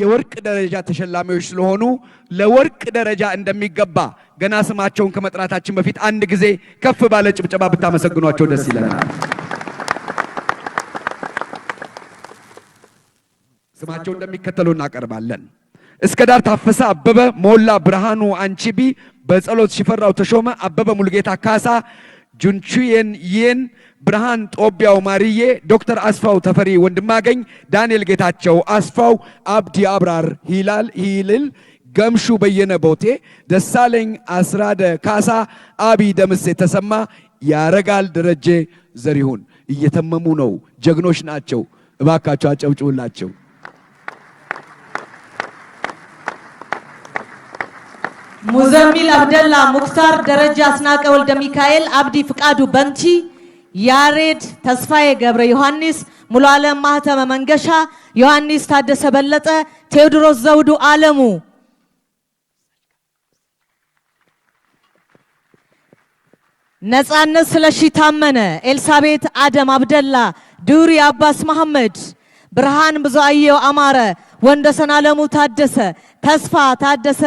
የወርቅ ደረጃ ተሸላሚዎች ስለሆኑ ለወርቅ ደረጃ እንደሚገባ ገና ስማቸውን ከመጥራታችን በፊት አንድ ጊዜ ከፍ ባለ ጭብጨባ ብታመሰግኗቸው ደስ ይለናል። ስማቸው እንደሚከተሉ እናቀርባለን። እስከ ዳር ታፈሰ አበበ፣ ሞላ ብርሃኑ፣ አንቺቢ በጸሎት ሽፈራው፣ ተሾመ አበበ፣ ሙሉጌታ ካሳ ጁንቹየን ይን ብርሃን ጦቢያው ማርዬ፣ ዶክተር አስፋው ተፈሪ፣ ወንድማገኝ ዳንኤል፣ ጌታቸው አስፋው፣ አብዲ አብራር፣ ሂላል ሂልል፣ ገምሹ በየነ ቦቴ፣ ደሳለኝ አስራደ ካሳ፣ አቢ ደምስ የተሰማ ያረጋል ደረጀ ዘሪሁን እየተመሙ ነው። ጀግኖች ናቸው። እባካቸው አጨብጭቡላቸው። ሙዘሚል አብደላ፣ ሙክታር ደረጃ፣ አስናቀ ወልደ ሚካኤል፣ አብዲ ፍቃዱ፣ በንቲ ያሬድ፣ ተስፋዬ ገብረ ዮሐንስ፣ ሙሉ ዓለም ማህተመ መንገሻ፣ ዮሐንስ ታደሰ በለጠ፣ ቴዎድሮስ ዘውዱ አለሙ፣ ነፃነት ስለሺ ታመነ፣ ኤልሳቤት አደም አብደላ፣ ዱሪ አባስ መሐመድ ብርሃን ብዙአየሁ አማረ፣ ወንደሰን አለሙ ታደሰ፣ ተስፋ ታደሰ፣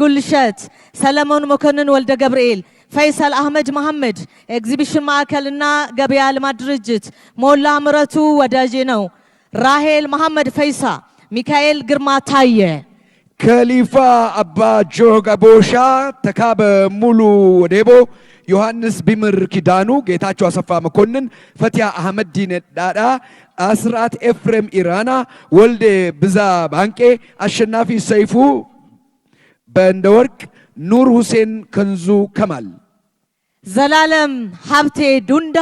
ጉልሸት ሰለሞን መኮንን፣ ወልደ ገብርኤል ፈይሰል አህመድ መሐመድ፣ ኤግዚቢሽን ማዕከልና ገበያ ልማት ድርጅት ሞላ ምረቱ ወዳጄ ነው፣ ራሄል መሐመድ ፈይሳ፣ ሚካኤል ግርማ ታየ ከሊፋ አባ ጆጋ ቦሻ ተካበ ሙሉ ወዴቦ ዮሐንስ ቢምር ኪዳኑ ጌታቸው አሰፋ መኮንን ፈቲያ አህመድ ዲን ዳዳ አስራት ኤፍሬም ኢራና ወልዴ ብዛ ባንቄ አሸናፊ ሰይፉ በእንደ ወርቅ ኑር ሁሴን ከንዙ ከማል ዘላለም ሀብቴ ዱንዳ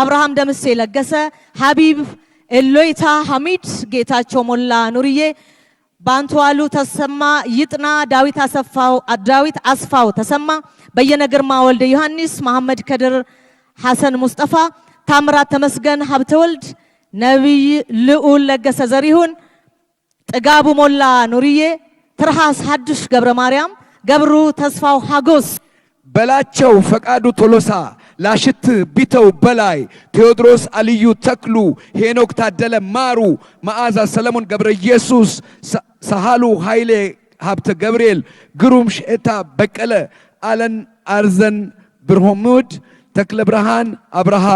አብርሃም ደምሴ ለገሰ ሀቢብ ኤሎይታ ሐሚድ ጌታቸው ሞላ ኑርዬ ባንተዋሉ ተሰማ ይጥና፣ ዳዊት አሰፋው ዳዊት አስፋው ተሰማ፣ በየነ ግርማ ወልደ ዮሐንስ፣ መሐመድ ከድር ሐሰን፣ ሙስጠፋ ታምራት፣ ተመስገን ሀብተ ወልድ፣ ነቢይ ልዑል ለገሰ ዘሪሁን፣ ጥጋቡ ሞላ፣ ኑርዬ ትርሃስ፣ ሀዱሽ ገብረ ማርያም፣ ገብሩ ተስፋው፣ ሀጎስ በላቸው፣ ፈቃዱ ቶሎሳ ላሽት ቢተው በላይ፣ ቴዎድሮስ አልዩ ተክሉ፣ ሄኖክ ታደለ ማሩ፣ መዓዛ ሰለሞን ገብረ ኢየሱስ፣ ሰሃሉ ኃይሌ ሀብተ ገብርኤል፣ ግሩም ሽዕታ በቀለ፣ አለን አርዘን ብርሆሙድ፣ ተክለ ብርሃን አብርሃ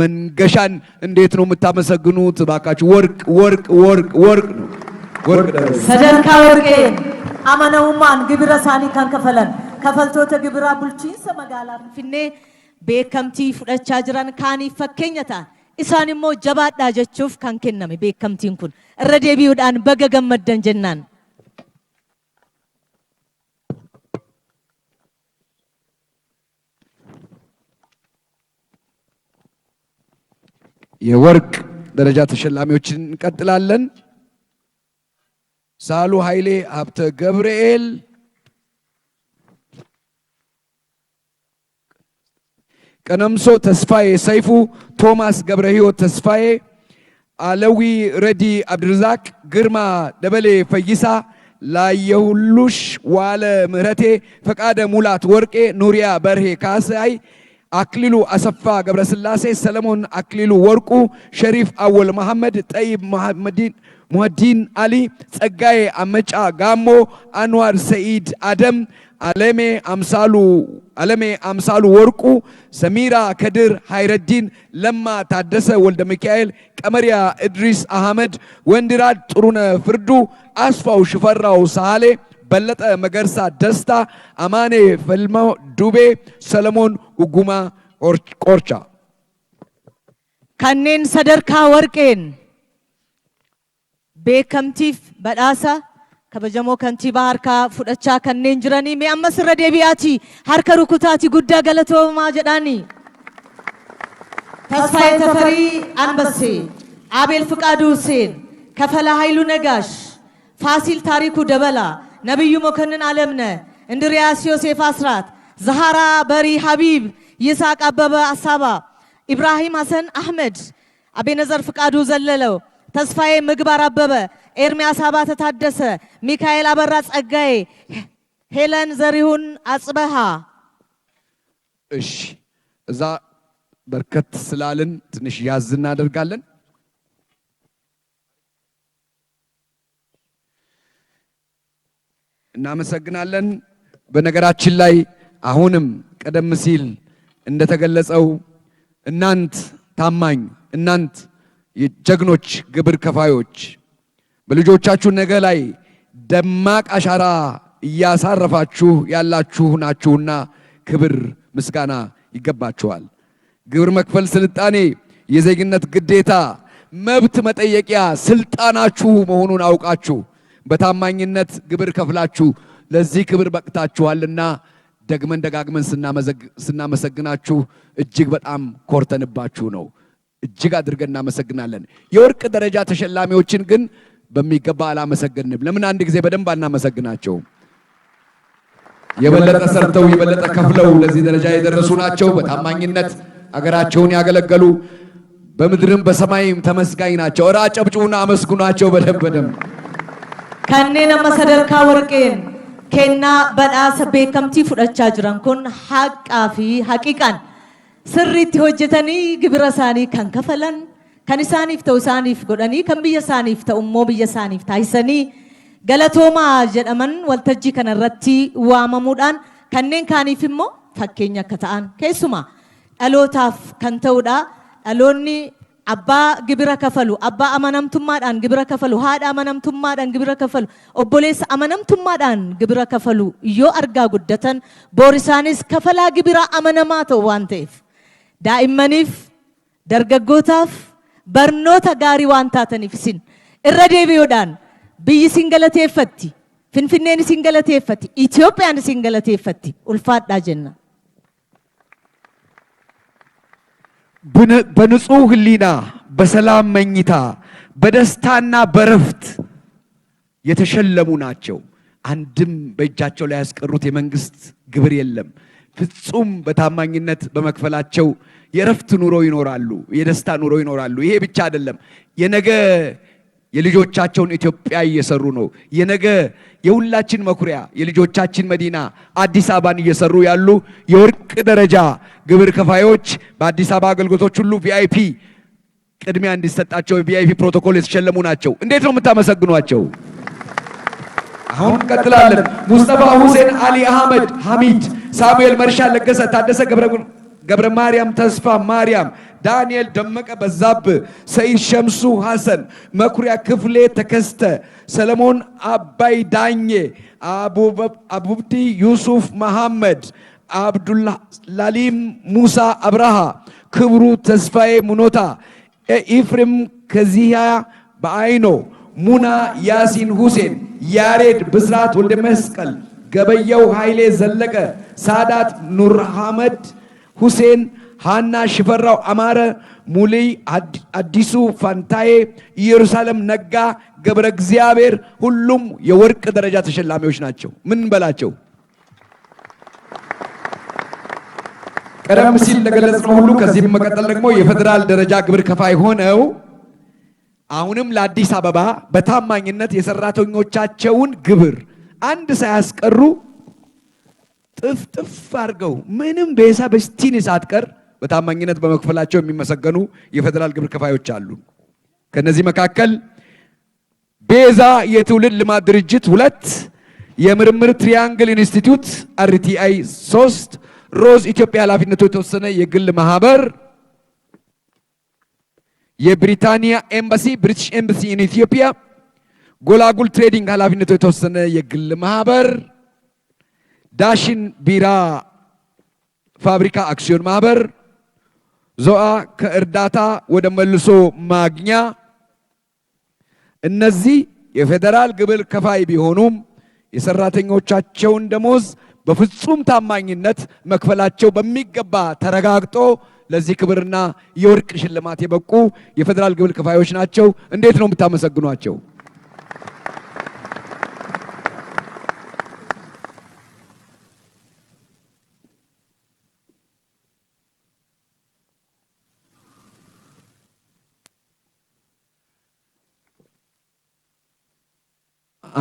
መንገሻን እንዴት ነው የምታመሰግኑት? እባካችሁ ወርቅ ወርቅ ወርቅ ወርቅ ነው። ሰደርካ ወርቄ አመነውማን ግብረ ሳኒ ከንከፈለን ከፈልቶተ ግብራ ቡልቺንሰ መጋላ ፊንፊኔ beekamtii fudhachaa jiran kaaniif fakkeenyataan isaan immoo jabaadhaa jechuuf kan kenname beekamtiin kun irra deebi'uudhaan baga gammaddan jennaan. የወርቅ ደረጃ ተሸላሚዎችን እንቀጥላለን። ሳሉ ኃይሌ ሀብተ ገብርኤል ቀነምሶ ተስፋዬ፣ ሰይፉ ቶማስ፣ ገብረ ህይወት ተስፋዬ፣ አለዊ ረዲ፣ አብድርዛቅ ግርማ፣ ደበሌ ፈይሳ፣ ላየሁሉሽ ዋለ፣ ምህረቴ ፈቃደ፣ ሙላት ወርቄ፣ ኑሪያ በርሄ ካሳይ አክሊሉ አሰፋ ገብረስላሴ፣ ሰለሞን አክሊሉ ወርቁ፣ ሸሪፍ አወል መሐመድ፣ ጠይብ ሙሀዲን አሊ፣ ጸጋዬ አመጫ ጋሞ፣ አንዋር ሰኢድ አደም፣ አለሜ አምሳሉ አለሜ አምሳሉ ወርቁ፣ ሰሚራ ከድር ሃይረዲን፣ ለማ ታደሰ ወልደ ሚካኤል፣ ቀመሪያ እድሪስ አህመድ፣ ወንድራድ ጥሩነ ፍርዱ፣ አስፋው ሽፈራው ሳሃሌ በለጠ መገርሳ ደስታ፣ አማኔ ፈልማው ዱቤ፣ ሰለሞን ኡጉማ ቆርቻ kanneen sadarkaa warqeen beekamtiif badhaasa kabajamoo kantiibaa harkaa fudhachaa kanneen jiranii mee ammas irra deebi'aati harka rukutaati guddaa galatoomaa jedhaani ተስፋዬ ተፈሪ አንበሴ፣ አቤል ፍቃዱ ሁሴን፣ ከፈላ ኃይሉ ነጋሽ፣ ፋሲል ታሪኩ ደበላ ነቢዩ መኮንን አለምነ፣ እንድሪያስ ዮሴፍ አስራት፣ ዛሃራ በሪ ሀቢብ፣ ይስሐቅ አበበ አሳባ፣ ኢብራሂም ሐሰን አህመድ፣ አቤነዘር ፍቃዱ ዘለለው፣ ተስፋዬ ምግባር አበበ፣ ኤርሚያስ አባተ ታደሰ፣ ሚካኤል አበራ ጸጋዬ፣ ሄለን ዘሪሁን አጽበሃ። እሺ እዛ በርከት ስላልን ትንሽ ያዝ እናደርጋለን። እናመሰግናለን። በነገራችን ላይ አሁንም ቀደም ሲል እንደተገለጸው እናንት ታማኝ እናንት የጀግኖች ግብር ከፋዮች በልጆቻችሁ ነገ ላይ ደማቅ አሻራ እያሳረፋችሁ ያላችሁ ናችሁና ክብር ምስጋና ይገባችኋል። ግብር መክፈል ስልጣኔ፣ የዜግነት ግዴታ፣ መብት መጠየቂያ ስልጣናችሁ መሆኑን አውቃችሁ በታማኝነት ግብር ከፍላችሁ ለዚህ ክብር በቅታችኋልና ደግመን ደጋግመን ስናመሰግናችሁ እጅግ በጣም ኮርተንባችሁ ነው። እጅግ አድርገን እናመሰግናለን። የወርቅ ደረጃ ተሸላሚዎችን ግን በሚገባ አላመሰግንም። ለምን አንድ ጊዜ በደንብ አናመሰግናቸውም? የበለጠ ሰርተው የበለጠ ከፍለው ለዚህ ደረጃ የደረሱ ናቸው። በታማኝነት አገራቸውን ያገለገሉ በምድርም በሰማይም ተመስጋኝ ናቸው። እራ ጨብጭቡና አመስግኗቸው በደንብ በደንብ kanneen amma sadarkaa warqeen kennaa badhaasa beekamtii fudhachaa jiran kun haqqaa fi haqiqan sirriitti hojjetanii gibira isaanii kan kafalan kan isaaniif ta'u isaaniif godhanii kan biyya isaaniif ta'u immoo biyya isaaniif taasisanii galatoomaa jedhaman waltajjii kana irratti waamamuudhaan kanneen kaaniif immoo fakkeenya akka ta'an keessumaa dhalootaaf kan ta'udha dhaloonni abbaa gibira kafalu, abbaa amanamtummaadhaan gibira kafalu, haadha amanamtummaadhaan gibira kafalu, obboleessa amanamtummaadhaan gibira kafalu yoo argaa guddatan boor isaanis kafalaa gibiraa amanamaa ta'u waan ta'eef daa'immaniif, dargaggootaaf barnoota gaarii waan taataniif isin irra deebi'uudhaan biyyi isin galateeffatti, finfinneen isin galateeffatti, Itoophiyaan isin galateeffatti ulfaadhaa jenna. በንጹህ ህሊና በሰላም መኝታ በደስታና በረፍት የተሸለሙ ናቸው። አንድም በእጃቸው ላይ ያስቀሩት የመንግስት ግብር የለም። ፍጹም በታማኝነት በመክፈላቸው የረፍት ኑሮ ይኖራሉ፣ የደስታ ኑሮ ይኖራሉ። ይሄ ብቻ አይደለም የነገ የልጆቻቸውን ኢትዮጵያ እየሰሩ ነው። የነገ የሁላችን መኩሪያ የልጆቻችን መዲና አዲስ አበባን እየሰሩ ያሉ የወርቅ ደረጃ ግብር ከፋዮች በአዲስ አበባ አገልግሎቶች ሁሉ ቪአይፒ ቅድሚያ እንዲሰጣቸው የቪአይፒ ፕሮቶኮል የተሸለሙ ናቸው። እንዴት ነው የምታመሰግኗቸው? አሁን እንቀጥላለን። ሙስጠፋ ሁሴን፣ አሊ አህመድ ሐሚድ፣ ሳሙኤል መርሻ፣ ለገሰ ታደሰ፣ ገብረ ማርያም ተስፋ ማርያም ዳንኤል ደመቀ በዛብህ፣ ሰይድ ሸምሱ ሐሰን፣ መኩሪያ ክፍሌ ተከስተ፣ ሰለሞን አባይ ዳኜ፣ አቡብዲ ዩሱፍ መሐመድ፣ አብዱላሊም ሙሳ አብርሃ፣ ክብሩ ተስፋዬ ሙኖታ፣ ኤፍሬም ከዚያ በአይኖ፣ ሙና ያሲን ሁሴን፣ ያሬድ ብስራት ወልደ መስቀል፣ ገበየው ኃይሌ ዘለቀ፣ ሳዳት ኑር ሐመድ ሁሴን ሃና ሽፈራው፣ አማረ ሙልይ፣ አዲሱ ፋንታዬ፣ ኢየሩሳሌም ነጋ፣ ገብረ እግዚአብሔር ሁሉም የወርቅ ደረጃ ተሸላሚዎች ናቸው። ምን በላቸው። ቀደም ሲል እንደገለጽነው ሁሉ ከዚህ በመቀጠል ደግሞ የፌዴራል ደረጃ ግብር ከፋይ ሆነው አሁንም ለአዲስ አበባ በታማኝነት የሰራተኞቻቸውን ግብር አንድ ሳያስቀሩ ጥፍጥፍ አድርገው ምንም ቤሳ በስቲኒ ሳትቀር በታማኝነት በመክፈላቸው የሚመሰገኑ የፌዴራል ግብር ከፋዮች አሉ። ከነዚህ መካከል ቤዛ የትውልድ ልማት ድርጅት ሁለት፣ የምርምር ትሪያንግል ኢንስቲትዩት አርቲአይ ሶስት፣ ሮዝ ኢትዮጵያ ኃላፊነቱ የተወሰነ የግል ማህበር፣ የብሪታንያ ኤምባሲ ብሪቲሽ ኤምባሲ ኢን ኢትዮጵያ፣ ጎላጉል ትሬዲንግ ኃላፊነቱ የተወሰነ የግል ማህበር፣ ዳሽን ቢራ ፋብሪካ አክሲዮን ማህበር ዞአ ከእርዳታ ወደ መልሶ ማግኛ። እነዚህ የፌዴራል ግብር ከፋይ ቢሆኑም የሰራተኞቻቸውን ደሞዝ በፍጹም ታማኝነት መክፈላቸው በሚገባ ተረጋግጦ ለዚህ ክብርና የወርቅ ሽልማት የበቁ የፌዴራል ግብር ከፋዮች ናቸው። እንዴት ነው የምታመሰግኗቸው?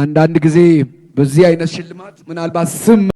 አንዳንድ ጊዜ በዚህ አይነት ሽልማት ምናልባት ስም